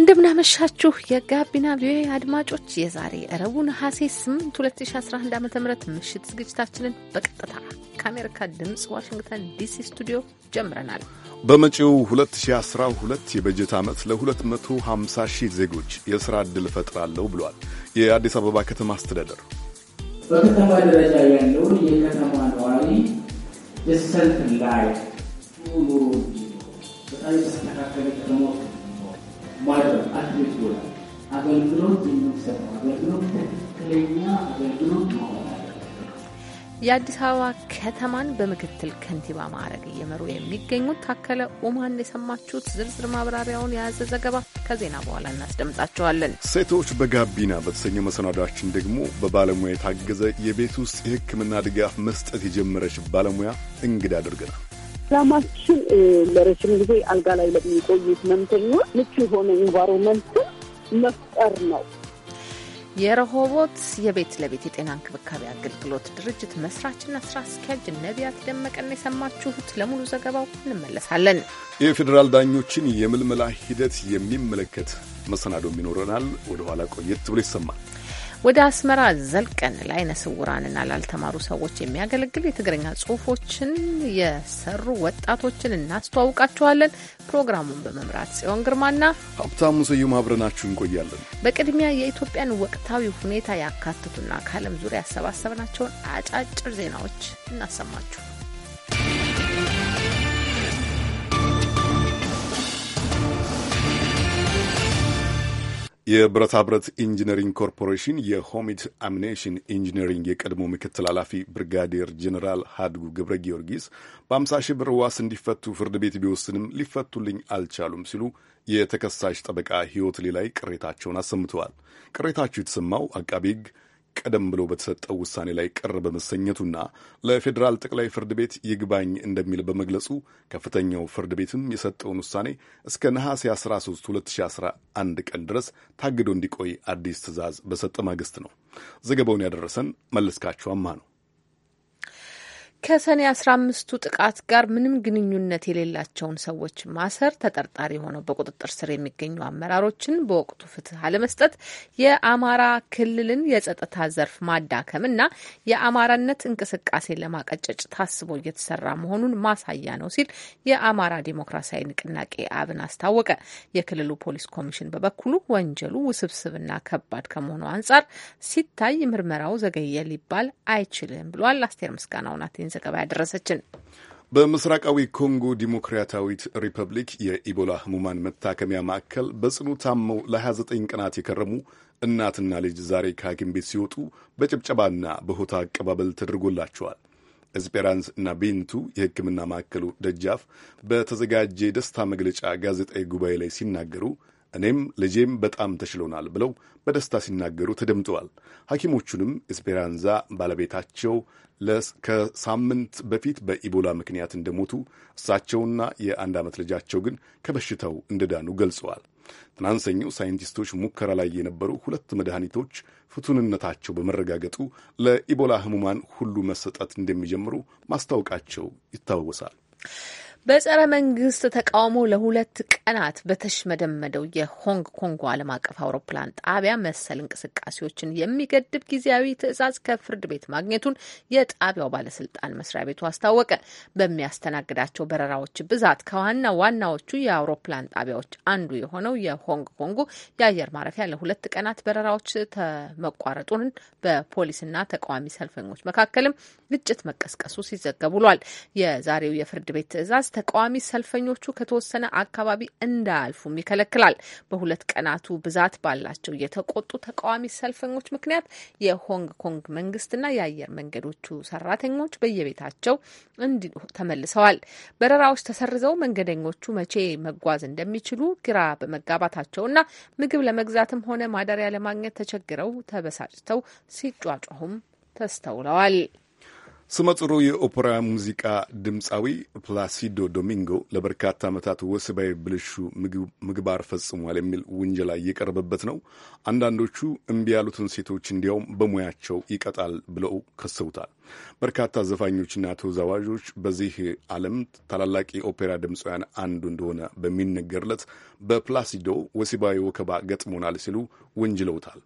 እንደምናመሻችሁ የጋቢና ቪኦኤ አድማጮች የዛሬ እረቡ ነሐሴ 8 2011 ዓ ም ምሽት ዝግጅታችንን በቀጥታ ከአሜሪካ ድምፅ ዋሽንግተን ዲሲ ስቱዲዮ ጀምረናል። በመጪው 2012 የበጀት ዓመት ለ250 ሺህ ዜጎች የሥራ ዕድል እፈጥራለሁ ብሏል የአዲስ አበባ ከተማ አስተዳደር። በከተማ ደረጃ ያለው የከተማ ነዋሪ የሰልፍ ላይ ኑሮ በጣም የተስተካከለ ከተማ ማድረግ አትሌት ይሆናል። አገልግሎት አገልግሎት ትክክለኛ አገልግሎት የአዲስ አበባ ከተማን በምክትል ከንቲባ ማዕረግ እየመሩ የሚገኙት ታከለ ኡማን የሰማችሁት። ዝርዝር ማብራሪያውን የያዘ ዘገባ ከዜና በኋላ እናስደምጣቸዋለን። ሴቶች በጋቢና በተሰኘ መሰናዳችን ደግሞ በባለሙያ የታገዘ የቤት ውስጥ የሕክምና ድጋፍ መስጠት የጀመረች ባለሙያ እንግዳ አድርገናል። ዓላማችን ለረጅም ጊዜ አልጋ ላይ ለሚቆዩት መምትና ምቹ የሆነ ኢንቫይሮንመንትን መፍጠር ነው። የረሆቦት የቤት ለቤት የጤና እንክብካቤ አገልግሎት ድርጅት መስራችና ስራ አስኪያጅ ነቢያት ደመቀን የሰማችሁት። ለሙሉ ዘገባው እንመለሳለን። የፌዴራል ዳኞችን የምልመላ ሂደት የሚመለከት መሰናዶም ይኖረናል። ወደ ኋላ ቆየት ብሎ ይሰማል። ወደ አስመራ ዘልቀን ለዓይነ ስውራንና ላልተማሩ ሰዎች የሚያገለግል የትግርኛ ጽሁፎችን የሰሩ ወጣቶችን እናስተዋውቃችኋለን። ፕሮግራሙን በመምራት ጽዮን ግርማና ሀብታሙ ስዩም አብረናችሁ እንቆያለን። በቅድሚያ የኢትዮጵያን ወቅታዊ ሁኔታ ያካትቱና ከዓለም ዙሪያ ያሰባሰብናቸውን አጫጭር ዜናዎች እናሰማችሁ። የብረታ ብረት ኢንጂነሪንግ ኮርፖሬሽን የሆሚድ አሚኔሽን ኢንጂነሪንግ የቀድሞ ምክትል ኃላፊ ብርጋዴር ጀኔራል ሀድጉ ገብረ ጊዮርጊስ በአምሳ ሺህ ብር ዋስ እንዲፈቱ ፍርድ ቤት ቢወስንም ሊፈቱልኝ አልቻሉም ሲሉ የተከሳሽ ጠበቃ ህይወት ሌላይ ቅሬታቸውን አሰምተዋል። ቅሬታቸው የተሰማው አቃቤ ቀደም ብሎ በተሰጠው ውሳኔ ላይ ቅር በመሰኘቱና ለፌዴራል ጠቅላይ ፍርድ ቤት ይግባኝ እንደሚል በመግለጹ ከፍተኛው ፍርድ ቤትም የሰጠውን ውሳኔ እስከ ነሐሴ 13 2011 ቀን ድረስ ታግዶ እንዲቆይ አዲስ ትዕዛዝ በሰጠ ማግስት ነው። ዘገባውን ያደረሰን መለስካቸው አማ ነው። ከሰኔ 15ቱ ጥቃት ጋር ምንም ግንኙነት የሌላቸውን ሰዎች ማሰር፣ ተጠርጣሪ ሆነው በቁጥጥር ስር የሚገኙ አመራሮችን በወቅቱ ፍትህ አለመስጠት፣ የአማራ ክልልን የጸጥታ ዘርፍ ማዳከም እና የአማራነት እንቅስቃሴ ለማቀጨጭ ታስቦ እየተሰራ መሆኑን ማሳያ ነው ሲል የአማራ ዲሞክራሲያዊ ንቅናቄ አብን አስታወቀ። የክልሉ ፖሊስ ኮሚሽን በበኩሉ ወንጀሉ ውስብስብና ከባድ ከመሆኑ አንጻር ሲታይ ምርመራው ዘገየ ሊባል አይችልም ብሏል። አስቴር ምስጋናው ናት። ይህን ዘገባ ያደረሰችን። በምስራቃዊ ኮንጎ ዲሞክራታዊት ሪፐብሊክ የኢቦላ ህሙማን መታከሚያ ማዕከል በጽኑ ታመው ለ29 ቀናት የከረሙ እናትና ልጅ ዛሬ ከሐኪም ቤት ሲወጡ በጭብጨባና በሆታ አቀባበል ተደርጎላቸዋል። ኤስፔራንስ እና ቤንቱ የሕክምና ማዕከሉ ደጃፍ በተዘጋጀ የደስታ መግለጫ ጋዜጣዊ ጉባኤ ላይ ሲናገሩ እኔም ልጄም በጣም ተሽሎናል ብለው በደስታ ሲናገሩ ተደምጠዋል። ሐኪሞቹንም ኤስፔራንዛ ባለቤታቸው ከሳምንት በፊት በኢቦላ ምክንያት እንደሞቱ እሳቸውና የአንድ ዓመት ልጃቸው ግን ከበሽታው እንደዳኑ ገልጸዋል። ትናንት ሰኞ ሳይንቲስቶች ሙከራ ላይ የነበሩ ሁለት መድኃኒቶች ፍቱንነታቸው በመረጋገጡ ለኢቦላ ህሙማን ሁሉ መሰጠት እንደሚጀምሩ ማስታወቃቸው ይታወሳል። በጸረ መንግስት ተቃውሞ ለሁለት ቀናት በተሽመደመደው የሆንግ ኮንግ ዓለም አቀፍ አውሮፕላን ጣቢያ መሰል እንቅስቃሴዎችን የሚገድብ ጊዜያዊ ትዕዛዝ ከፍርድ ቤት ማግኘቱን የጣቢያው ባለስልጣን መስሪያ ቤቱ አስታወቀ። በሚያስተናግዳቸው በረራዎች ብዛት ከዋና ዋናዎቹ የአውሮፕላን ጣቢያዎች አንዱ የሆነው የሆንግ ኮንጉ የአየር ማረፊያ ለሁለት ቀናት በረራዎች መቋረጡን በፖሊስና ተቃዋሚ ሰልፈኞች መካከልም ግጭት መቀስቀሱ ሲዘገብ ውሏል። የዛሬው የፍርድ ቤት ትዕዛዝ ተቃዋሚ ሰልፈኞቹ ከተወሰነ አካባቢ እንዳያልፉም ይከለክላል። በሁለት ቀናቱ ብዛት ባላቸው የተቆጡ ተቃዋሚ ሰልፈኞች ምክንያት የሆንግ ኮንግ መንግስትና የአየር መንገዶቹ ሰራተኞች በየቤታቸው እንዲ ተመልሰዋል። በረራዎች ተሰርዘው መንገደኞቹ መቼ መጓዝ እንደሚችሉ ግራ በመጋባታቸውና ምግብ ለመግዛትም ሆነ ማደሪያ ለማግኘት ተቸግረው ተበሳጭተው ሲጫጫሁም ተስተውለዋል። ስመጥሩ የኦፔራ ሙዚቃ ድምፃዊ ፕላሲዶ ዶሚንጎ ለበርካታ ዓመታት ወሲባዊ ብልሹ ምግባር ፈጽሟል የሚል ውንጀላ እየቀረበበት ነው። አንዳንዶቹ እምቢ ያሉትን ሴቶች እንዲያውም በሙያቸው ይቀጣል ብለው ከሰውታል። በርካታ ዘፋኞችና ተወዛዋዦች በዚህ ዓለም ታላላቅ የኦፔራ ድምፃውያን አንዱ እንደሆነ በሚነገርለት በፕላሲዶ ወሲባዊ ወከባ ገጥሞናል ሲሉ ወንጅለውታል።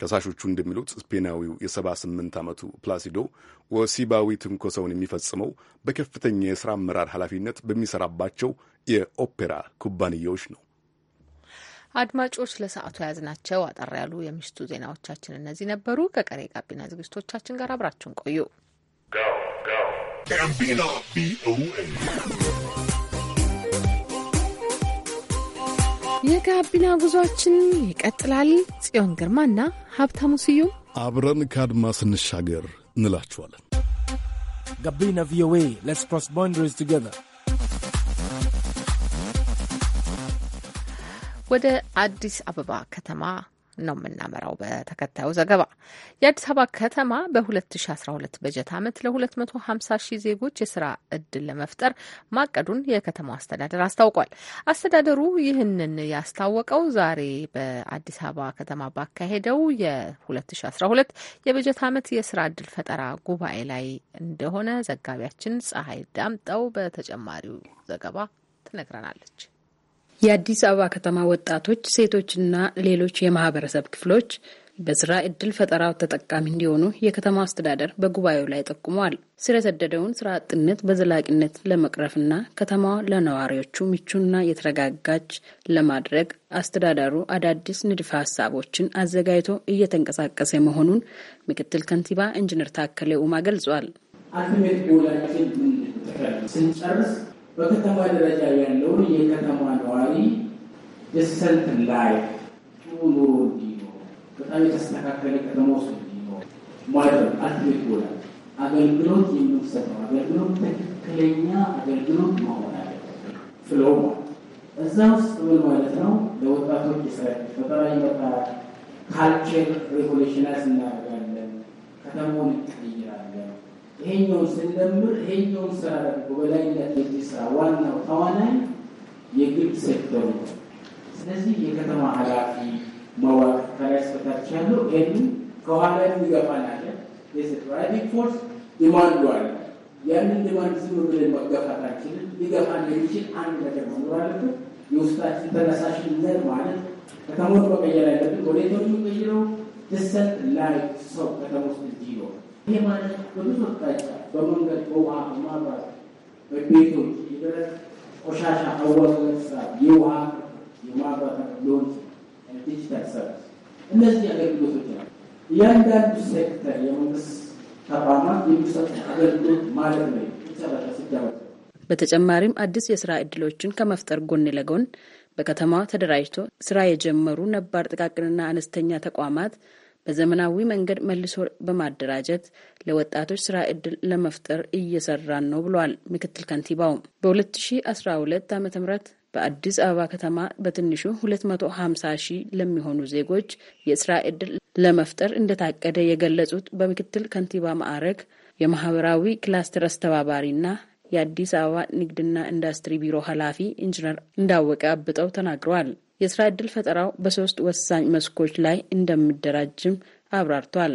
ከሳሾቹ እንደሚሉት ስፔናዊው የ78 ዓመቱ ፕላሲዶ ወሲባዊ ትንኮሰውን የሚፈጽመው በከፍተኛ የሥራ አመራር ኃላፊነት በሚሠራባቸው የኦፔራ ኩባንያዎች ነው። አድማጮች ለሰዓቱ የያዝናቸው አጠር ያሉ የምሽቱ ዜናዎቻችን እነዚህ ነበሩ። ከቀሪ ጋቢና ዝግጅቶቻችን ጋር አብራችሁን ቆዩ። የጋቢና ጉዟችን ይቀጥላል። ጽዮን ግርማና ሀብታሙ ስዩም አብረን ከአድማ ስንሻገር እንላችኋለን። ጋቢና ቪኦኤ ሌትስ ክሮስ ቦንደሪስ ቱጌዘር ወደ አዲስ አበባ ከተማ ነው የምናመራው። በተከታዩ ዘገባ የአዲስ አበባ ከተማ በ2012 በጀት ዓመት ለ250 ሺህ ዜጎች የስራ እድል ለመፍጠር ማቀዱን የከተማው አስተዳደር አስታውቋል። አስተዳደሩ ይህንን ያስታወቀው ዛሬ በአዲስ አበባ ከተማ ባካሄደው የ2012 የበጀት ዓመት የስራ እድል ፈጠራ ጉባኤ ላይ እንደሆነ ዘጋቢያችን ፀሐይ ዳምጠው በተጨማሪው ዘገባ ትነግረናለች። የአዲስ አበባ ከተማ ወጣቶች፣ ሴቶችና ሌሎች የማህበረሰብ ክፍሎች በስራ እድል ፈጠራው ተጠቃሚ እንዲሆኑ የከተማው አስተዳደር በጉባኤው ላይ ጠቁሟል። ስር የሰደደውን ስራ አጥነት በዘላቂነት ለመቅረፍና ከተማዋ ለነዋሪዎቹ ምቹና የተረጋጋች ለማድረግ አስተዳደሩ አዳዲስ ንድፈ ሀሳቦችን አዘጋጅቶ እየተንቀሳቀሰ መሆኑን ምክትል ከንቲባ ኢንጂነር ታከሌ ኡማ ገልጿል። ስንጨርስ በከተማ ደረጃ ያለው የከተማ ነዋሪ የሰልፍ ላይ ጥሩ ኑሮ እንዲኖር በጣም የተስተካከለ ከተማ ውስጥ እንዲኖር ማድረግ አትሌት ይሆናል። አገልግሎት የምንሰጠው አገልግሎት ትክክለኛ አገልግሎት መሆን አለ ፍሎ እዛ ውስጥ ምን ማለት ነው? ለወጣቶች ስራ ፈጠራ ይመጣል። ካልቸር ሬቮሉሽናይዝ እናደርጋለን ከተማውን ይሄኛውን ስንደምር ይሄኛውን ስራ ደግሞ በላይነት የሚሰራ ዋናው ተዋናይ የግል ሴክተሩ ነው። ስለዚህ የከተማ ኃላፊ መዋቅር ከላይ እስከታች ያለው ይህ ከኋላ የሚገፋን አለ። ፎርስ ዲማንዱ አለ። ያንን ዲማንድ ዝም ብለን መገፋት አንችልም። ሊገፋን የሚችል አንድ ነገር መኖር አለበት። የውስጣችን ተነሳሽነት ማለት ከተሞች መቀየር አለብን። ወደ የቶች የምንቀይረው ድሰት ላይ ሰው ከተሞች እጅ ይኖራል ይህ ማለት በብዙ አቅጣጫ በመንገድ በውሃ በቤቶች ቆሻሻ አወጋገድ ስራ፣ የውሃ ዲጂታል ሰርቪስ እነዚህ አገልግሎቶች ናቸው። እያንዳንዱ ሴክተር የመንግስት ተቋማት የሚሰጡ አገልግሎት ማለት ነው። ሲደረግ በተጨማሪም አዲስ የስራ እድሎችን ከመፍጠር ጎን ለጎን በከተማዋ ተደራጅቶ ስራ የጀመሩ ነባር ጥቃቅንና አነስተኛ ተቋማት በዘመናዊ መንገድ መልሶ በማደራጀት ለወጣቶች ስራ እድል ለመፍጠር እየሰራን ነው ብሏል ምክትል ከንቲባው። በ2012 ዓ ም በአዲስ አበባ ከተማ በትንሹ 250 ሺህ ለሚሆኑ ዜጎች የስራ እድል ለመፍጠር እንደታቀደ የገለጹት በምክትል ከንቲባ ማዕረግ የማህበራዊ ክላስተር አስተባባሪና የአዲስ አበባ ንግድና ኢንዱስትሪ ቢሮ ኃላፊ ኢንጂነር እንዳወቀ አብጠው ተናግረዋል። የስራ ዕድል ፈጠራው በሶስት ወሳኝ መስኮች ላይ እንደሚደራጅም አብራርቷል።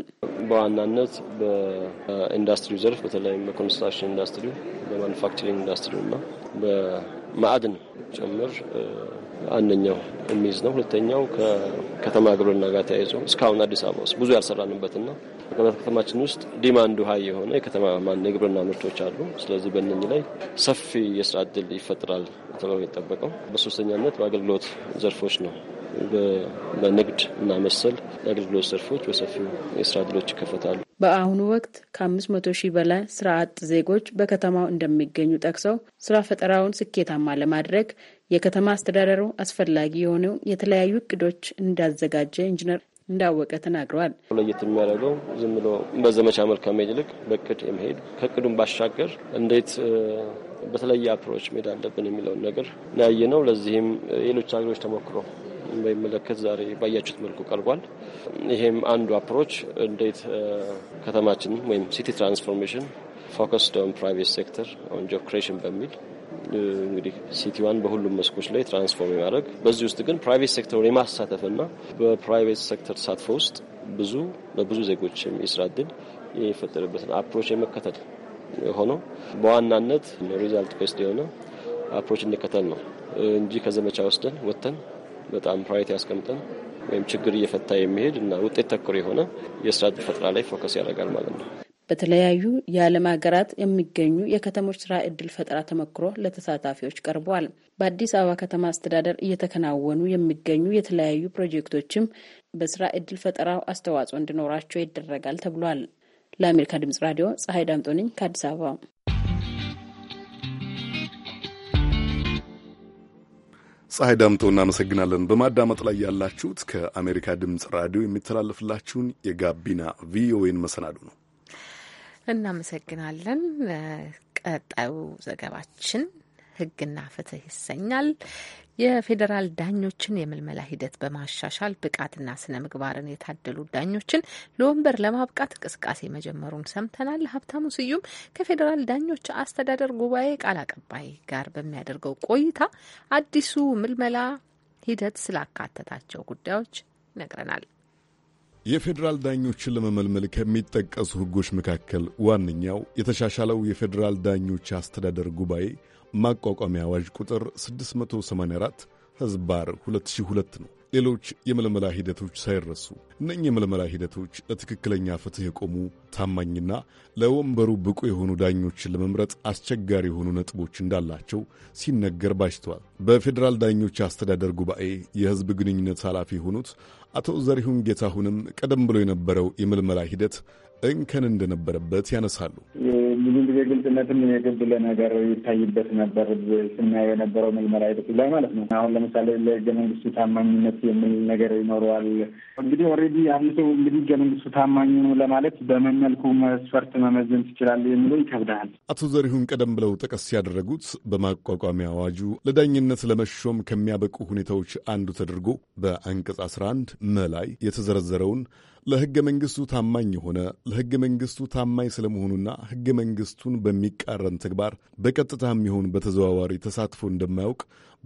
በዋናነት በኢንዱስትሪ ዘርፍ በተለይም በኮንስትራክሽን ኢንዱስትሪ፣ በማኑፋክቸሪንግ ኢንዱስትሪ እና በማዕድን ጭምር አንደኛው የሚይዝ ነው። ሁለተኛው ከከተማ ግብርና ጋር ተያይዞ እስካሁን አዲስ አበባ ውስጥ ብዙ ያልሰራንበትና በቀበታ ከተማችን ውስጥ ዲማንዱ ሀይ የሆነ የከተማ ማን የግብርና ምርቶች አሉ። ስለዚህ በእነኚህ ላይ ሰፊ የስራ እድል ይፈጥራል ተብሎ የጠበቀው በሶስተኛነት በአገልግሎት ዘርፎች ነው። በንግድ እና መሰል የአገልግሎት ዘርፎች በሰፊው የስራ እድሎች ይከፈታሉ። በአሁኑ ወቅት ከአምስት መቶ ሺህ በላይ ስራ አጥ ዜጎች በከተማው እንደሚገኙ ጠቅሰው ስራ ፈጠራውን ስኬታማ ለማድረግ የከተማ አስተዳደሩ አስፈላጊ የሆነው የተለያዩ እቅዶች እንዳዘጋጀ ኢንጂነር እንዳወቀ ተናግረዋል። ለየት የሚያደርገው ዝም ብሎ በዘመቻ መልክ ከመሄድ ይልቅ በቅድ የመሄድ ከቅዱም ባሻገር እንዴት በተለየ አፕሮች መሄድ አለብን የሚለውን ነገር ያየ ነው። ለዚህም ሌሎች ሀገሮች ተሞክሮ በሚመለከት ዛሬ ባያችሁት መልኩ ቀርቧል። ይሄም አንዱ አፕሮች እንዴት ከተማችን ወይም ሲቲ ትራንስፎርሜሽን ፎከስድ ኦን ፕራይቬት ሴክተር ኦን ጆብ ክሬሽን በሚል እንግዲህ ሲቲዋን በሁሉም መስኮች ላይ ትራንስፎርም የማድረግ በዚህ ውስጥ ግን ፕራይቬት ሴክተሩን የማሳተፍና በፕራይቬት ሴክተር ተሳትፎ ውስጥ ብዙ ለብዙ ዜጎች የስራ እድል የሚፈጠርበትን አፕሮች የመከተል ሆኖ በዋናነት ሪዛልት ቤስድ የሆነ አፕሮች እንከተል ነው እንጂ ከዘመቻ ወስደን ወጥተን በጣም ፕራዮሪቲ ያስቀምጠን ወይም ችግር እየፈታ የሚሄድ እና ውጤት ተኮር የሆነ የስራ እድል ፈጠራ ላይ ፎከስ ያደርጋል ማለት ነው። በተለያዩ የዓለም ሀገራት የሚገኙ የከተሞች ስራ እድል ፈጠራ ተመክሮ ለተሳታፊዎች ቀርቧል። በአዲስ አበባ ከተማ አስተዳደር እየተከናወኑ የሚገኙ የተለያዩ ፕሮጀክቶችም በስራ እድል ፈጠራው አስተዋጽኦ እንዲኖራቸው ይደረጋል ተብሏል። ለአሜሪካ ድምጽ ራዲዮ ፀሐይ ዳምጦ ነኝ ከአዲስ አበባ። ፀሐይ ዳምጦ እናመሰግናለን። በማዳመጥ ላይ ያላችሁት ከአሜሪካ ድምፅ ራዲዮ የሚተላለፍላችሁን የጋቢና ቪኦኤን መሰናዱ ነው። እናመሰግናለን። ቀጣዩ ዘገባችን ህግና ፍትህ ይሰኛል። የፌዴራል ዳኞችን የምልመላ ሂደት በማሻሻል ብቃትና ስነ ምግባርን የታደሉ ዳኞችን ለወንበር ለማብቃት እንቅስቃሴ መጀመሩን ሰምተናል። ሀብታሙ ስዩም ከፌዴራል ዳኞች አስተዳደር ጉባኤ ቃል አቀባይ ጋር በሚያደርገው ቆይታ አዲሱ ምልመላ ሂደት ስላካተታቸው ጉዳዮች ይነግረናል። የፌዴራል ዳኞችን ለመመልመል ከሚጠቀሱ ሕጎች መካከል ዋነኛው የተሻሻለው የፌዴራል ዳኞች አስተዳደር ጉባኤ ማቋቋሚያ አዋጅ ቁጥር 684 ህዝባር 2002 ነው። ሌሎች የምልመላ ሂደቶች ሳይረሱ እነኚህ የምልመላ ሂደቶች ለትክክለኛ ፍትሕ የቆሙ ታማኝና ለወንበሩ ብቁ የሆኑ ዳኞችን ለመምረጥ አስቸጋሪ የሆኑ ነጥቦች እንዳላቸው ሲነገር ባጅተዋል። በፌዴራል ዳኞች አስተዳደር ጉባኤ የሕዝብ ግንኙነት ኃላፊ የሆኑት አቶ ዘሪሁን ጌታሁንም ቀደም ብሎ የነበረው የምልመላ ሂደት እንከን እንደነበረበት ያነሳሉ። ብዙ ጊዜ ግልጽነትም የግብል ነገር ይታይበት ነበር ስናየው የነበረው ምልመላ ሂደቱ ላይ ማለት ነው። አሁን ለምሳሌ ለህገ መንግስቱ ታማኝነት የሚል ነገር ይኖረዋል። እንግዲህ ኦልሬዲ አንድ ሰው እንግዲህ ህገ መንግስቱ ታማኝ ነው ለማለት በምን መልኩ መስፈርት መመዘን ትችላለህ የሚለው ይከብዳል። አቶ ዘሪሁን ቀደም ብለው ጠቀስ ያደረጉት በማቋቋሚያ አዋጁ ለዳኝነት ለመሾም ከሚያበቁ ሁኔታዎች አንዱ ተደርጎ በአንቀጽ 11 መ ላይ የተዘረዘረውን ለህገ መንግስቱ ታማኝ የሆነ ለህገ መንግስቱ ታማኝ ስለመሆኑና ህገ መንግስቱን በሚቃረን ተግባር በቀጥታም ይሁን በተዘዋዋሪ ተሳትፎ እንደማያውቅ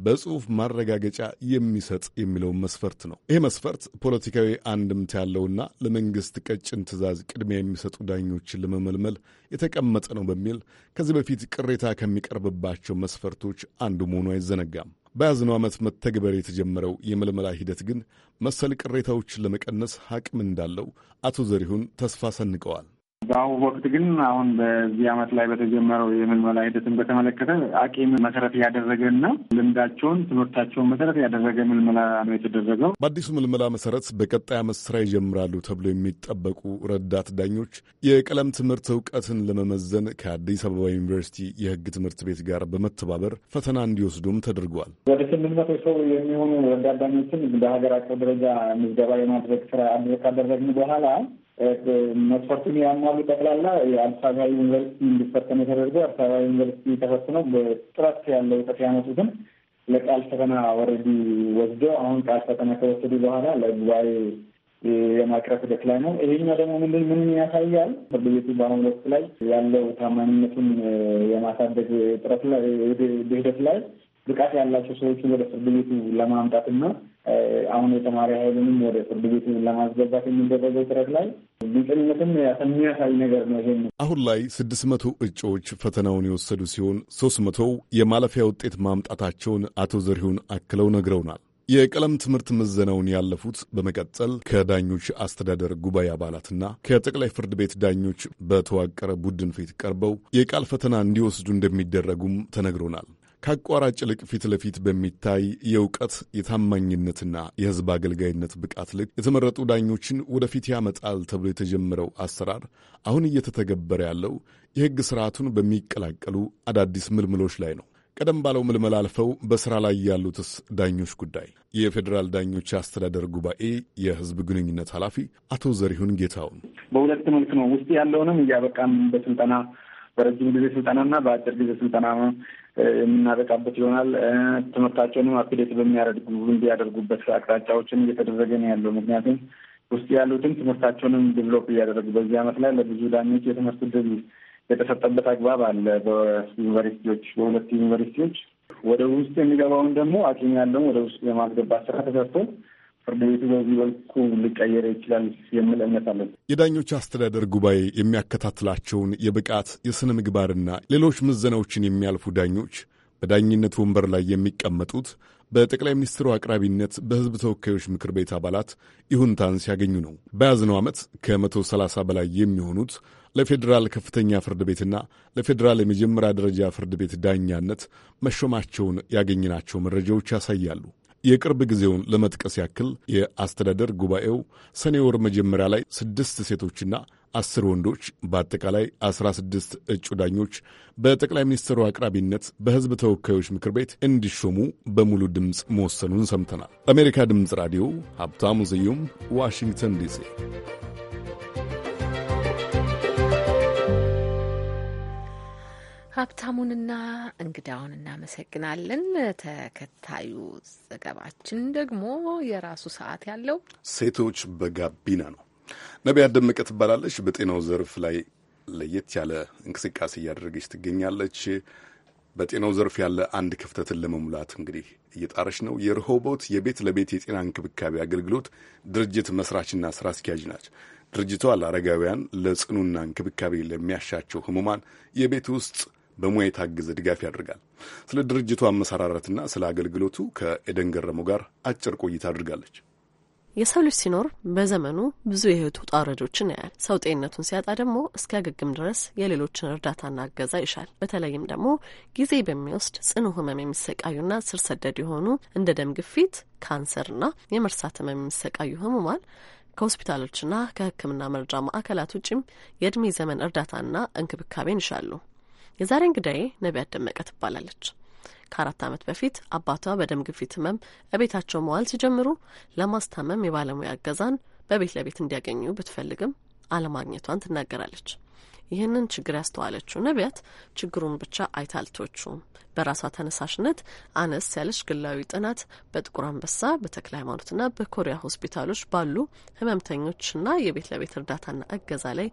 በጽሑፍ ማረጋገጫ የሚሰጥ የሚለውን መስፈርት ነው። ይህ መስፈርት ፖለቲካዊ አንድምት ያለውና ለመንግስት ቀጭን ትዕዛዝ ቅድሚያ የሚሰጡ ዳኞችን ለመመልመል የተቀመጠ ነው በሚል ከዚህ በፊት ቅሬታ ከሚቀርብባቸው መስፈርቶች አንዱ መሆኑ አይዘነጋም። በያዝነው ዓመት መተግበር የተጀመረው የመልመላ ሂደት ግን መሰል ቅሬታዎችን ለመቀነስ አቅም እንዳለው አቶ ዘሪሁን ተስፋ ሰንቀዋል። በአሁኑ ወቅት ግን አሁን በዚህ ዓመት ላይ በተጀመረው የምልመላ ሂደትን በተመለከተ አቂም መሰረት ያደረገና ልምዳቸውን ትምህርታቸውን መሰረት ያደረገ ምልመላ ነው የተደረገው። በአዲሱ ምልመላ መሰረት በቀጣይ ዓመት ስራ ይጀምራሉ ተብሎ የሚጠበቁ ረዳት ዳኞች የቀለም ትምህርት እውቀትን ለመመዘን ከአዲስ አበባ ዩኒቨርሲቲ የሕግ ትምህርት ቤት ጋር በመተባበር ፈተና እንዲወስዱም ተደርጓል። ወደ ስምንት መቶ ሰው የሚሆኑ ረዳት ዳኞችን በሀገር አቀፍ ደረጃ ምዝገባ የማድረግ ስራ ካደረግን በኋላ መስፈርቱን ያሟሉ ጠቅላላ የአዲስ አበባ ዩኒቨርሲቲ እንዲፈተኑ ተደርጎ አዲስ አበባ ዩኒቨርሲቲ ተፈትኖ በጥረት ያለው ውጤት ያመጡትን ለቃል ፈተና ወረዲ ወስዶ አሁን ቃል ፈተና ከወሰዱ በኋላ ለጉባኤ የማቅረብ ሂደት ላይ ነው። ይሄኛው ደግሞ ምንድን ምን ያሳያል? ፍርድ ቤቱ በአሁኑ ወቅት ላይ ያለው ታማኝነቱን የማሳደግ ጥረት ላይ ሂደት ላይ ብቃት ያላቸው ሰዎችን ወደ ፍርድ ቤቱ ለማምጣትና አሁን የተማሪ ኃይልንም ወደ ፍርድ ቤቱ ለማስገባት የሚደረገው ጥረት ላይ ግልጽነትም የሚያሳይ ነገር ነው። ይሄ አሁን ላይ ስድስት መቶ እጩዎች ፈተናውን የወሰዱ ሲሆን ሶስት መቶው የማለፊያ ውጤት ማምጣታቸውን አቶ ዘሪሁን አክለው ነግረውናል። የቀለም ትምህርት ምዘናውን ያለፉት በመቀጠል ከዳኞች አስተዳደር ጉባኤ አባላትና ከጠቅላይ ፍርድ ቤት ዳኞች በተዋቀረ ቡድን ፊት ቀርበው የቃል ፈተና እንዲወስዱ እንደሚደረጉም ተነግሮናል። ከአቋራጭ ይልቅ ፊት ለፊት በሚታይ የእውቀት የታማኝነትና የሕዝብ አገልጋይነት ብቃት ልክ የተመረጡ ዳኞችን ወደፊት ያመጣል ተብሎ የተጀመረው አሰራር አሁን እየተተገበረ ያለው የሕግ ስርዓቱን በሚቀላቀሉ አዳዲስ ምልምሎች ላይ ነው። ቀደም ባለው ምልመላ አልፈው በሥራ ላይ ያሉትስ ዳኞች ጉዳይ የፌዴራል ዳኞች አስተዳደር ጉባኤ የህዝብ ግንኙነት ኃላፊ አቶ ዘሪሁን ጌታውን በሁለት መልክ ነው ውስጥ ያለውንም እያበቃም በስልጠና በረጅም ጊዜ ስልጠናና በአጭር ጊዜ ስልጠና የምናበቃበት ይሆናል። ትምህርታቸውንም አፕዴት በሚያደርጉ እንዲያደርጉበት አቅጣጫዎችን እየተደረገ ነው ያለው። ምክንያቱም ውስጥ ያሉትን ትምህርታቸውንም ዲቨሎፕ እያደረጉ በዚህ ዓመት ላይ ለብዙ ዳኞች የትምህርት ድል የተሰጠበት አግባብ አለ። በዩኒቨርሲቲዎች በሁለት ዩኒቨርሲቲዎች ወደ ውስጥ የሚገባውን ደግሞ አቅም ያለውን ወደ ውስጥ የማስገባት ስራ ተሰርቶ ፍርድ ቤቱ በዚህ መልኩ ሊቀየር ይችላል የሚል እምነት አለን። የዳኞች አስተዳደር ጉባኤ የሚያከታትላቸውን የብቃት የሥነ ምግባርና ሌሎች ምዘናዎችን የሚያልፉ ዳኞች በዳኝነት ወንበር ላይ የሚቀመጡት በጠቅላይ ሚኒስትሩ አቅራቢነት በሕዝብ ተወካዮች ምክር ቤት አባላት ይሁንታን ሲያገኙ ነው። በያዝነው ዓመት ከመቶ ሰላሳ በላይ የሚሆኑት ለፌዴራል ከፍተኛ ፍርድ ቤትና ለፌዴራል የመጀመሪያ ደረጃ ፍርድ ቤት ዳኛነት መሾማቸውን ያገኝናቸው መረጃዎች ያሳያሉ። የቅርብ ጊዜውን ለመጥቀስ ያክል የአስተዳደር ጉባኤው ሰኔ ወር መጀመሪያ ላይ ስድስት ሴቶችና አስር ወንዶች በአጠቃላይ አስራ ስድስት እጩ ዳኞች በጠቅላይ ሚኒስትሩ አቅራቢነት በሕዝብ ተወካዮች ምክር ቤት እንዲሾሙ በሙሉ ድምፅ መወሰኑን ሰምተናል። ለአሜሪካ ድምፅ ራዲዮ ሀብታሙ ስዩም ዋሽንግተን ዲሲ ሀብታሙንና እንግዳውን እናመሰግናለን። ተከታዩ ዘገባችን ደግሞ የራሱ ሰዓት ያለው ሴቶች በጋቢና ነው። ነቢያ ደመቀ ትባላለች። በጤናው ዘርፍ ላይ ለየት ያለ እንቅስቃሴ እያደረገች ትገኛለች። በጤናው ዘርፍ ያለ አንድ ክፍተትን ለመሙላት እንግዲህ እየጣረች ነው። የርሆቦት የቤት ለቤት የጤና እንክብካቤ አገልግሎት ድርጅት መስራችና ስራ አስኪያጅ ናች። ድርጅቷ ለአረጋውያን፣ ለጽኑና እንክብካቤ ለሚያሻቸው ህሙማን የቤት ውስጥ በሙያ የታገዘ ድጋፍ ያደርጋል። ስለ ድርጅቱ አመሰራረትና ስለ አገልግሎቱ ከኤደን ገረሙ ጋር አጭር ቆይታ አድርጋለች። የሰው ልጅ ሲኖር በዘመኑ ብዙ የህይወት ውጣ ውረዶችን ያያል። ሰው ጤንነቱን ሲያጣ ደግሞ እስኪያገግም ድረስ የሌሎችን እርዳታና እገዛ ይሻል። በተለይም ደግሞ ጊዜ በሚወስድ ጽኑ ህመም የሚሰቃዩና ስር ሰደድ የሆኑ እንደ ደም ግፊት፣ ካንሰርና የመርሳት ህመም የሚሰቃዩ ህሙማን ከሆስፒታሎችና ከህክምና መርጃ ማዕከላት ውጭም የእድሜ ዘመን እርዳታና እንክብካቤን ይሻሉ። የዛሬ እንግዳዬ ነቢያት ደመቀ ትባላለች። ከአራት ዓመት በፊት አባቷ በደም ግፊት ህመም እቤታቸው መዋል ሲጀምሩ ለማስታመም የባለሙያ እገዛን በቤት ለቤት እንዲያገኙ ብትፈልግም አለማግኘቷን ትናገራለች። ይህንን ችግር ያስተዋለችው ነቢያት ችግሩን ብቻ አይታልቶቹም በራሷ ተነሳሽነት አነስ ያለች ግላዊ ጥናት በጥቁር አንበሳ በተክለ ሃይማኖትና በኮሪያ ሆስፒታሎች ባሉ ህመምተኞችና የቤት ለቤት እርዳታና እገዛ ላይ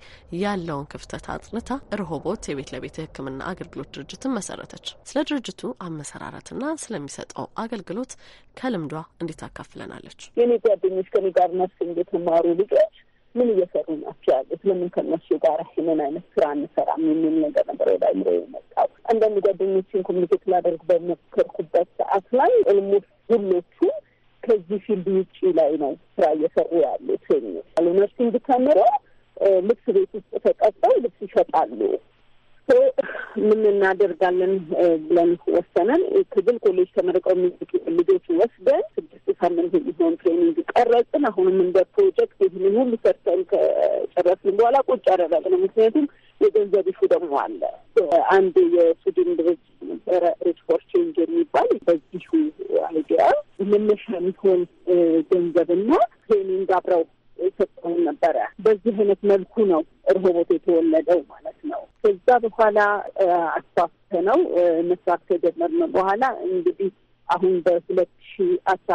ያለውን ክፍተት አጥንታ ርሆቦት የቤት ለቤት የህክምና አገልግሎት ድርጅትን መሰረተች። ስለ ድርጅቱ አመሰራረትና ስለሚሰጠው አገልግሎት ከልምዷ እንዴት አካፍለናለች። የኔ ጓደኞች ከኔ ጋር ነርሲንግ የተማሩ ልጆች ምን እየሰሩ ናቸው ያሉት፣ ለምን ከነሱ ጋር ይህንን አይነት ስራ እንሰራም የሚል ነገር ነበር ወደ አይምሮ የመጣው። አንዳንድ ጓደኞችን ኮሚኒኬት ላደርግ በሞከርኩበት ሰዓት ላይ ኦልሞስት ሁሎቹ ከዚህ ፊልድ ውጭ ላይ ነው ስራ እየሰሩ ያሉት። አሉ ነርሲንግ ተምረው ልብስ ቤት ውስጥ ተቀጠው ልብስ ይሸጣሉ። ምን እናደርጋለን ብለን ወሰነን። ትግል ኮሌጅ ተመርቀው የሚወጡ ልጆች ወስደን ሰርተን ይህን ትሬኒንግ ቀረጽን። አሁንም እንደ ፕሮጀክት ይህንን ሁሉ ሰርተን ከጨረስን በኋላ ቁጭ አደረግ ምክንያቱም የገንዘብ ይሹ ደግሞ አለ። አንድ የሱድን ድርጅት ነበረ ሪች ፎር ቼንጅ የሚባል በዚሁ አይዲያ መነሻ የሚሆን ገንዘብና ትሬኒንግ አብረው ሰጠውን ነበረ። በዚህ አይነት መልኩ ነው ርሆቦት የተወለደው ማለት ነው። ከዛ በኋላ አስፋፍተ ነው መስራት ከጀመርነው በኋላ እንግዲህ አሁን በሁለት ሺ አስራ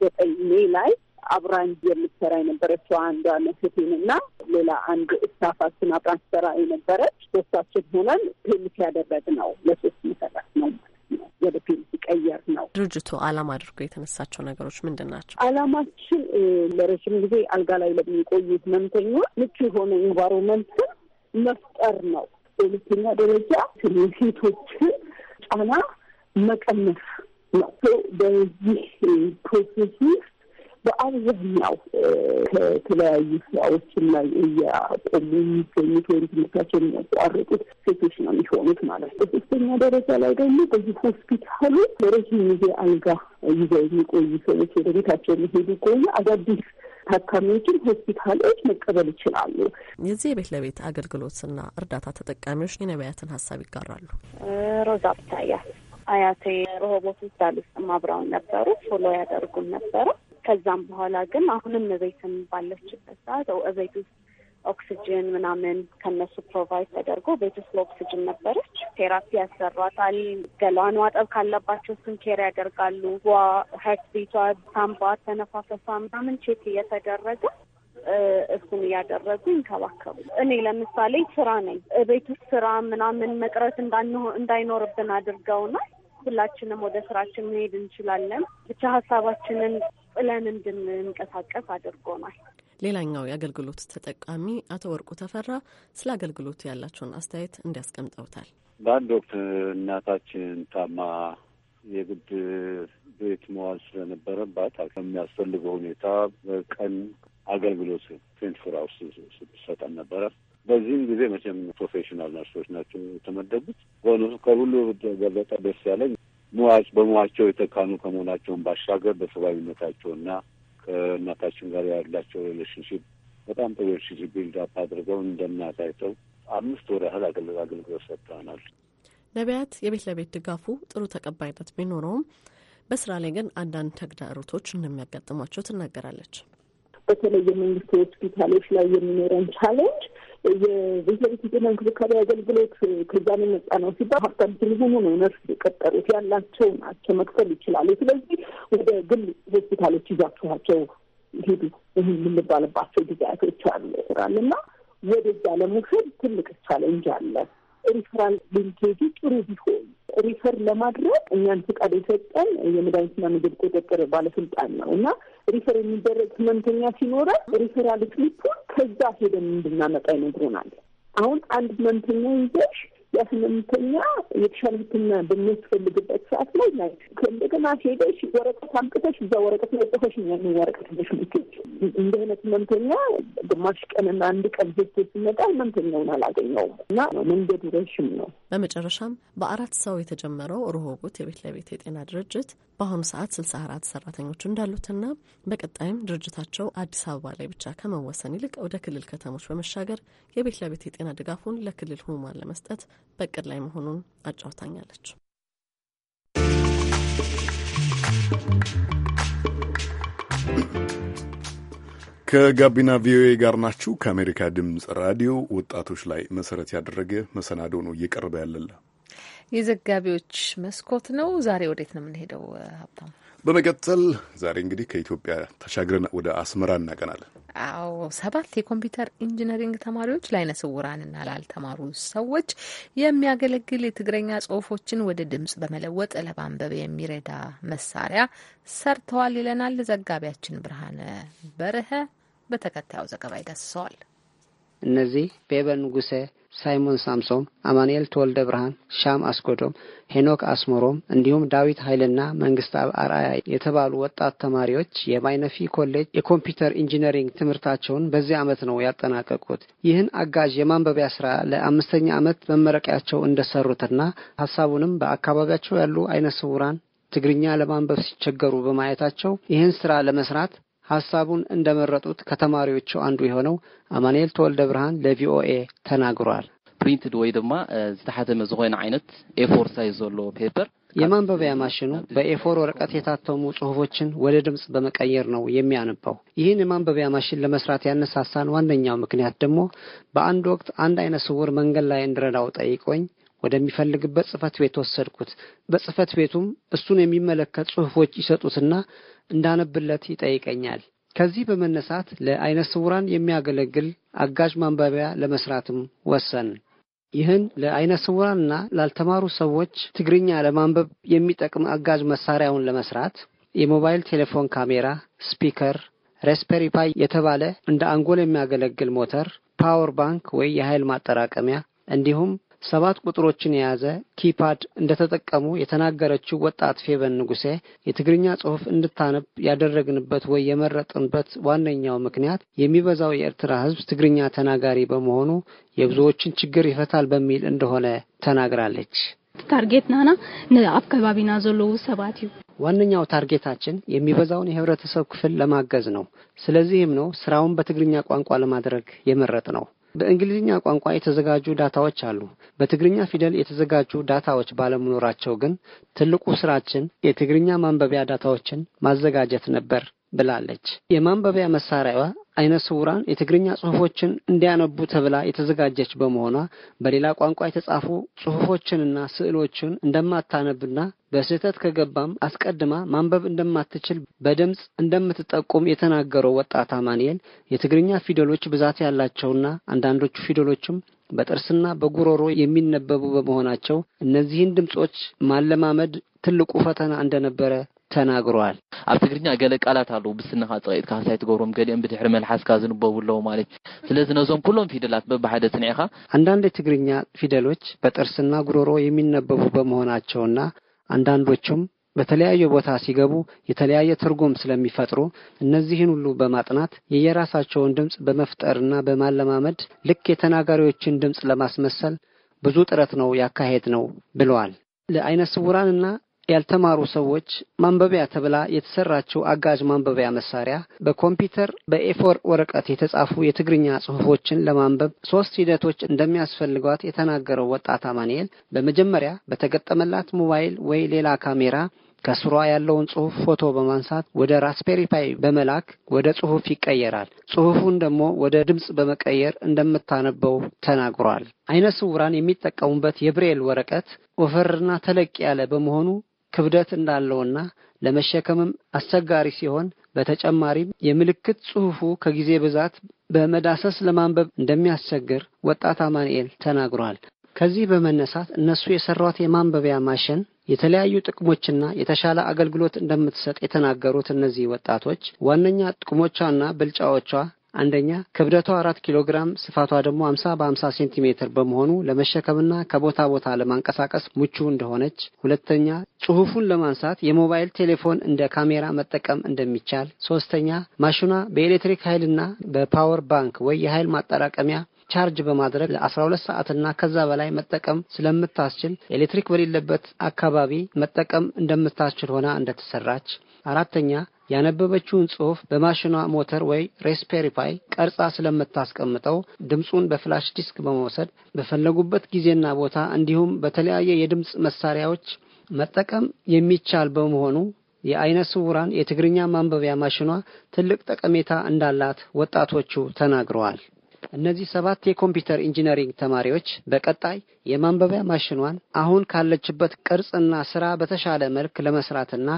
ዘጠኝ ሜ ላይ አብራኝ የምትሰራ የነበረችው አንዷ መስቴን እና ሌላ አንድ እስታፋችን አብራን ትሰራ የነበረች ሶስታችን ሆነን ፔልስ ያደረግ ነው ለሶስት መሰራት ነው ማለት ነው። ወደ ፔልስ ይቀየር ነው። ድርጅቱ አላማ አድርጎ የተነሳቸው ነገሮች ምንድን ናቸው? አላማችን ለረጅም ጊዜ አልጋ ላይ ለሚቆዩ ህመምተኞች ምቹ የሆነ ኢንቫይሮመንትን መፍጠር ነው። በሁለተኛ ደረጃ ሴቶችን ጫና መቀነስ መጥቶ በዚህ ፕሮሴስ ውስጥ በአብዛኛው ከተለያዩ ስራዎችን ላይ እያቆሙ የሚገኙት ወይም ትምህርታቸውን የሚያቋረጡት ሴቶች ነው የሚሆኑት ማለት ነው። በሶስተኛ ደረጃ ላይ ደግሞ በዚህ ሆስፒታሉ ለረዥም ጊዜ አልጋ ይዘው የሚቆዩ ሰዎች ወደ ቤታቸው የሚሄዱ ከሆነ አዳዲስ ታካሚዎችን ሆስፒታሎች መቀበል ይችላሉ። የዚህ የቤት ለቤት አገልግሎትና እርዳታ ተጠቃሚዎች የነቢያትን ሀሳብ ይጋራሉ። ሮዛ ብታያ አያቴ ሮሆቦት ሆስፒታል ውስጥ አብረውን ነበሩ፣ ፎሎ ያደርጉን ነበረ። ከዛም በኋላ ግን አሁንም እቤትም ባለችበት ሰዓት እቤት ውስጥ ኦክሲጅን ምናምን ከነሱ ፕሮቫይድ ተደርጎ ቤት ውስጥ በኦክሲጅን ነበረች። ቴራፒ ያሰሯታል። ገላዋን ዋጠብ ካለባቸው ስንኬር ያደርጋሉ። ዋ ሀርት ቤቷ፣ ሳምባ፣ ተነፋፈሷ ምናምን ቼክ እየተደረገ እሱን እያደረጉ ይንከባከቡ። እኔ ለምሳሌ ስራ ነኝ። ቤት ውስጥ ስራ ምናምን መቅረት እንዳይኖርብን አድርገውናል። ሁላችንም ወደ ስራችን መሄድ እንችላለን። ብቻ ሀሳባችንን ጥለን እንድንንቀሳቀስ አድርጎናል። ሌላኛው የአገልግሎት ተጠቃሚ አቶ ወርቁ ተፈራ ስለ አገልግሎቱ ያላቸውን አስተያየት እንዲያስቀምጠውታል። በአንድ ወቅት እናታችን ታማ የግድ ቤት መዋል ስለነበረባት በሚያስፈልገው ሁኔታ በቀን አገልግሎት ትዌንቲ ፎር ስትሰጠን ነበረ። በዚህም ጊዜ መቼም ፕሮፌሽናል ነርሶች ናቸው የተመደቡት። በእውነቱ ከሁሉ በለጠ ደስ ያለኝ ሙዋጭ በሙዋቸው የተካኑ ከመሆናቸውን ባሻገር በሰብአዊነታቸው እና ከእናታችን ጋር ያላቸው ሪሌሽንሽፕ በጣም ጥሩ ሪሌሽንሽፕ ቢልዳፕ አድርገው እንደናት አይተው አምስት ወር ያህል አገልግሎት ሰጥተናል። ነቢያት የቤት ለቤት ድጋፉ ጥሩ ተቀባይነት ቢኖረውም በስራ ላይ ግን አንዳንድ ተግዳሮቶች እንደሚያጋጥሟቸው ትናገራለች። በተለይ የመንግስት ሆስፒታሎች ላይ የሚኖረን ቻሌንጅ የቤት ጤና እንክብካቤ አገልግሎት ከዛ ነው የመጣ ነው ሲባል ሀብታም ስለሆኑ ነው ነርስ የቀጠሩት ያላቸው ናቸው፣ መክፈል ይችላሉ። ስለዚህ ወደ ግል ሆስፒታሎች ይዛችኋቸው ሄዱ የምንባልባቸው ጊዜያቶች አሉ ስራልና ወደዛ ለመውሰድ ትልቅ ቻሌንጅ አለን። ሪፈራል ሊንኬጁ ጥሩ ቢሆን ሪፈር ለማድረግ እኛን ፍቃድ የሰጠን የመድኃኒትና ምግብ ቁጥጥር ባለስልጣን ነው እና ሪፈር የሚደረግ ህመምተኛ ሲኖረ ሪፈራል ስሊፑን ከዛ ሄደን እንድናመጣ ይነግሩናል። አሁን አንድ ህመምተኛ ይዘሽ ለስምንተኛ የተሻለ ህክምና በሚያስፈልግበት ሰዓት ላይ ና እንደገና ሄደሽ ወረቀት አምቅተሽ እዛ ወረቀት ላይ ጽፈሽ ያንን ወረቀት ነሽ ልጆች እንደ አይነት ህመምተኛ ግማሽ ቀንና አንድ ቀን ዘግቶ ሲመጣ ህመምተኛውን አላገኘውም እና መንገዱ ረዥም ነው። በመጨረሻም በአራት ሰው የተጀመረው ሮሆጉት የቤት ለቤት የጤና ድርጅት በአሁኑ ሰዓት ስልሳ አራት ሰራተኞች እንዳሉትና በቀጣይም ድርጅታቸው አዲስ አበባ ላይ ብቻ ከመወሰን ይልቅ ወደ ክልል ከተሞች በመሻገር የቤት ለቤት የጤና ድጋፉን ለክልል ህሙማን ለመስጠት በቅድ ላይ መሆኑን አጫውታኛለች። ከጋቢና ቪኦኤ ጋር ናችሁ። ከአሜሪካ ድምፅ ራዲዮ ወጣቶች ላይ መሰረት ያደረገ መሰናዶ ነው እየቀረበ ያለለ የዘጋቢዎች መስኮት ነው። ዛሬ ወዴት ነው የምንሄደው? ሀብታም። በመቀጠል ዛሬ እንግዲህ ከኢትዮጵያ ተሻግረን ወደ አስመራ እናቀናለን። አዎ ሰባት የኮምፒውተር ኢንጂነሪንግ ተማሪዎች ለአይነ ስውራንና ላልተማሩ ሰዎች የሚያገለግል የትግረኛ ጽሁፎችን ወደ ድምጽ በመለወጥ ለማንበብ የሚረዳ መሳሪያ ሰርተዋል ይለናል ዘጋቢያችን ብርሃነ በርሀ በተከታዩ ዘገባ ይዳስሰዋል። እነዚህ ቤበ ንጉሴ ሳይሞን ሳምሶም፣ አማንኤል ተወልደ ብርሃን፣ ሻም አስጎዶም፣ ሄኖክ አስሞሮም እንዲሁም ዳዊት ኃይልና መንግስት አርአያ የተባሉ ወጣት ተማሪዎች የማይነፊ ኮሌጅ የኮምፒውተር ኢንጂነሪንግ ትምህርታቸውን በዚህ ዓመት ነው ያጠናቀቁት። ይህን አጋዥ የማንበቢያ ስራ ለአምስተኛ ዓመት መመረቂያቸው እንደሰሩትና ሀሳቡንም በአካባቢያቸው ያሉ አይነ ስውራን ትግርኛ ለማንበብ ሲቸገሩ በማየታቸው ይህን ስራ ለመስራት ሐሳቡን እንደመረጡት ከተማሪዎቹ አንዱ የሆነው አማንኤል ተወልደ ብርሃን ለቪኦኤ ተናግሯል። ፕሪንትድ ወይ ድማ ዝተሓተመ ዝኾነ ዓይነት ኤፎር ሳይዝ ዘሎ ፔፐር የማንበቢያ ማሽኑ በኤፎር ወረቀት የታተሙ ጽሁፎችን ወደ ድምፅ በመቀየር ነው የሚያነባው። ይህን የማንበቢያ ማሽን ለመስራት ያነሳሳን ዋነኛው ምክንያት ደግሞ በአንድ ወቅት አንድ አይነ ስውር መንገድ ላይ እንድረዳው ጠይቆኝ ወደሚፈልግበት ጽህፈት ቤት ወሰድኩት። በጽህፈት ቤቱም እሱን የሚመለከት ጽሑፎች ይሰጡትና እንዳነብለት ይጠይቀኛል። ከዚህ በመነሳት ለአይነ ስውራን የሚያገለግል አጋዥ ማንበቢያ ለመስራትም ወሰን። ይህን ለአይነ ስውራንና ላልተማሩ ሰዎች ትግርኛ ለማንበብ የሚጠቅም አጋዥ መሳሪያውን ለመስራት የሞባይል ቴሌፎን ካሜራ፣ ስፒከር፣ ሬስፐሪ ፓይ የተባለ እንደ አንጎል የሚያገለግል ሞተር፣ ፓወር ባንክ ወይ የኃይል ማጠራቀሚያ እንዲሁም ሰባት ቁጥሮችን የያዘ ኪፓድ እንደተጠቀሙ የተናገረችው ወጣት ፌበን ንጉሴ የትግርኛ ጽሑፍ እንድታነብ ያደረግንበት ወይ የመረጥንበት ዋነኛው ምክንያት የሚበዛው የኤርትራ ሕዝብ ትግርኛ ተናጋሪ በመሆኑ የብዙዎችን ችግር ይፈታል በሚል እንደሆነ ተናግራለች። ታርጌትናና ኣብ ከባቢና ዘለዉ ሰባት እዩ ዋነኛው ታርጌታችን የሚበዛውን የህብረተሰብ ክፍል ለማገዝ ነው። ስለዚህም ነው ስራውን በትግርኛ ቋንቋ ለማድረግ የመረጥ ነው። በእንግሊዝኛ ቋንቋ የተዘጋጁ ዳታዎች አሉ። በትግርኛ ፊደል የተዘጋጁ ዳታዎች ባለመኖራቸው ግን ትልቁ ስራችን የትግርኛ ማንበቢያ ዳታዎችን ማዘጋጀት ነበር። ብላለች። የማንበቢያ መሳሪያዋ አይነ ስውራን የትግርኛ ጽሁፎችን እንዲያነቡ ተብላ የተዘጋጀች በመሆኗ በሌላ ቋንቋ የተጻፉ ጽሁፎችንና ስዕሎችን እንደማታነብና በስህተት ከገባም አስቀድማ ማንበብ እንደማትችል በድምፅ እንደምትጠቁም የተናገረው ወጣት አማንኤል የትግርኛ ፊደሎች ብዛት ያላቸውና አንዳንዶቹ ፊደሎችም በጥርስና በጉሮሮ የሚነበቡ በመሆናቸው እነዚህን ድምፆች ማለማመድ ትልቁ ፈተና እንደነበረ ተናግሯል ኣብ ትግርኛ ገለ ቃላት ኣለዉ ብስንኻ ፅቂኢት ካሳይ ትገብሮም ገሊኦም ብድሕሪ መልሓስካ ዝንበቡ ኣለዉ ማለት እዩ ስለዚ ነዞም ኩሎም ፊደላት በብሓደ ስኒዕኻ አንዳንድ የትግርኛ ፊደሎች በጥርስና ጉሮሮ የሚነበቡ በመሆናቸውና አንዳንዶቹም በተለያየ ቦታ ሲገቡ የተለያየ ትርጉም ስለሚፈጥሩ እነዚህን ሁሉ በማጥናት የየራሳቸውን ድምፅ በመፍጠርና በማለማመድ ልክ የተናጋሪዎችን ድምፅ ለማስመሰል ብዙ ጥረት ነው ያካሄድ ነው ብለዋል። ለአይነ ስውራንና ያልተማሩ ሰዎች ማንበቢያ ተብላ የተሰራችው አጋዥ ማንበቢያ መሳሪያ በኮምፒውተር በኤፎር ወረቀት የተጻፉ የትግርኛ ጽሁፎችን ለማንበብ ሶስት ሂደቶች እንደሚያስፈልጓት የተናገረው ወጣት አማንኤል በመጀመሪያ በተገጠመላት ሞባይል ወይ ሌላ ካሜራ ከስሯ ያለውን ጽሁፍ ፎቶ በማንሳት ወደ ራስፔሪ ፓይ በመላክ ወደ ጽሁፍ ይቀየራል። ጽሁፉን ደግሞ ወደ ድምፅ በመቀየር እንደምታነበው ተናግሯል። አይነ ስውራን የሚጠቀሙበት የብሬል ወረቀት ወፈርና ተለቅ ያለ በመሆኑ ክብደት እንዳለውና ለመሸከምም አስቸጋሪ ሲሆን በተጨማሪም የምልክት ጽሑፉ ከጊዜ ብዛት በመዳሰስ ለማንበብ እንደሚያስቸግር ወጣት አማንኤል ተናግሯል። ከዚህ በመነሳት እነሱ የሰሯት የማንበቢያ ማሽን የተለያዩ ጥቅሞችና የተሻለ አገልግሎት እንደምትሰጥ የተናገሩት እነዚህ ወጣቶች ዋነኛ ጥቅሞቿና ብልጫዎቿ አንደኛ ክብደቷ አራት ኪሎ ግራም ስፋቷ ደግሞ አምሳ በአምሳ ሴንቲሜትር በመሆኑ ለመሸከምና ከቦታ ቦታ ለማንቀሳቀስ ምቹ እንደሆነች፣ ሁለተኛ ጽሁፉን ለማንሳት የሞባይል ቴሌፎን እንደ ካሜራ መጠቀም እንደሚቻል፣ ሶስተኛ ማሽኗ በኤሌክትሪክ ኃይልና በፓወር ባንክ ወይ የኃይል ማጠራቀሚያ ቻርጅ በማድረግ ለአስራ ሁለት ሰዓትና ከዛ በላይ መጠቀም ስለምታስችል ኤሌክትሪክ በሌለበት አካባቢ መጠቀም እንደምታስችል ሆና እንደተሰራች አራተኛ ያነበበችውን ጽሑፍ በማሽኗ ሞተር ወይ ሬስፔሪፓይ ቀርጻ ስለምታስቀምጠው ድምፁን በፍላሽ ዲስክ በመውሰድ በፈለጉበት ጊዜና ቦታ እንዲሁም በተለያየ የድምፅ መሳሪያዎች መጠቀም የሚቻል በመሆኑ የአይነ ስውራን የትግርኛ ማንበቢያ ማሽኗ ትልቅ ጠቀሜታ እንዳላት ወጣቶቹ ተናግረዋል። እነዚህ ሰባት የኮምፒውተር ኢንጂነሪንግ ተማሪዎች በቀጣይ የማንበቢያ ማሽኗን አሁን ካለችበት ቅርጽና ስራ በተሻለ መልክ ለመስራትና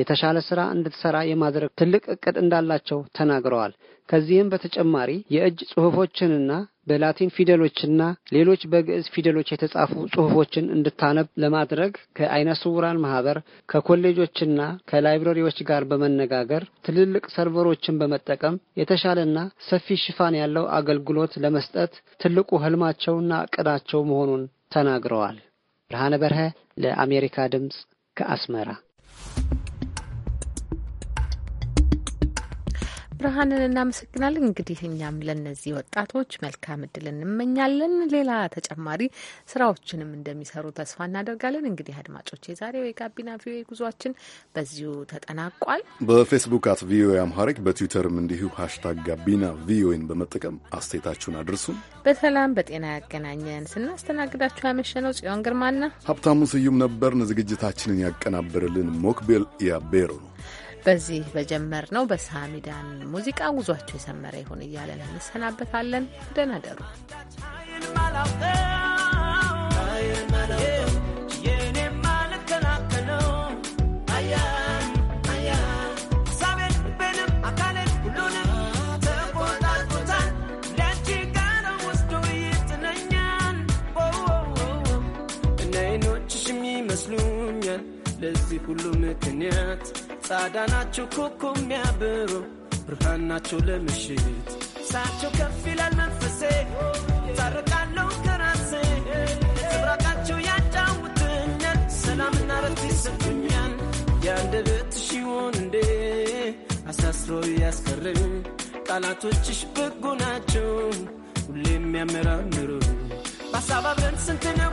የተሻለ ስራ እንድትሰራ የማድረግ ትልቅ እቅድ እንዳላቸው ተናግረዋል። ከዚህም በተጨማሪ የእጅ ጽሑፎችንና በላቲን ፊደሎችና ሌሎች በግዕዝ ፊደሎች የተጻፉ ጽሁፎችን እንድታነብ ለማድረግ ከአይነ ስውራን ማህበር ከኮሌጆችና ከላይብረሪዎች ጋር በመነጋገር ትልልቅ ሰርቨሮችን በመጠቀም የተሻለና ሰፊ ሽፋን ያለው አገልግሎት ለመስጠት ትልቁ ህልማቸውና እቅዳቸው መሆኑን ተናግረዋል። ብርሃነ በርሀ ለአሜሪካ ድምፅ ከአስመራ ብርሃንን እናመሰግናለን። እንግዲህ እኛም ለእነዚህ ወጣቶች መልካም እድል እንመኛለን። ሌላ ተጨማሪ ስራዎችንም እንደሚሰሩ ተስፋ እናደርጋለን። እንግዲህ አድማጮች፣ የዛሬው የጋቢና ቪኦኤ ጉዟችን በዚሁ ተጠናቋል። በፌስቡክ አት ቪኦኤ አምሃሪክ በትዊተርም እንዲሁ ሀሽታግ ጋቢና ቪኦኤን በመጠቀም አስተያየታችሁን አድርሱ። በሰላም በጤና ያገናኘን። ስናስተናግዳችሁ ያመሸነው ጽዮን ግርማና ሀብታሙ ስዩም ነበርን። ዝግጅታችንን ያቀናበርልን ሞክቤል ያቤሮ ነው። በዚህ በጀመር ነው በሳሚዳን ሙዚቃ ጉዟቸው የሰመረ ይሁን እያለን እንሰናበታለን። ደህና ደሩ። ለዚህ ሁሉ ምክንያት ጻዳ ናችሁ ኩኩ የሚያብሩ ብርሃን ናችሁ ለምሽት ሳቸው ከፍ ይላል መንፈሴ ታርቃለሁ ከራሴ ስብራቃችሁ ያጫውትኛል ሰላምና ረፍት ይሰጡኛል የአንደበትሽ ይሆን እንዴ አሳስሮ ያስቀርም ቃላቶችሽ በጎ ናቸው ሁሌ የሚያመራምሩ በሀሳብ ስንት ነው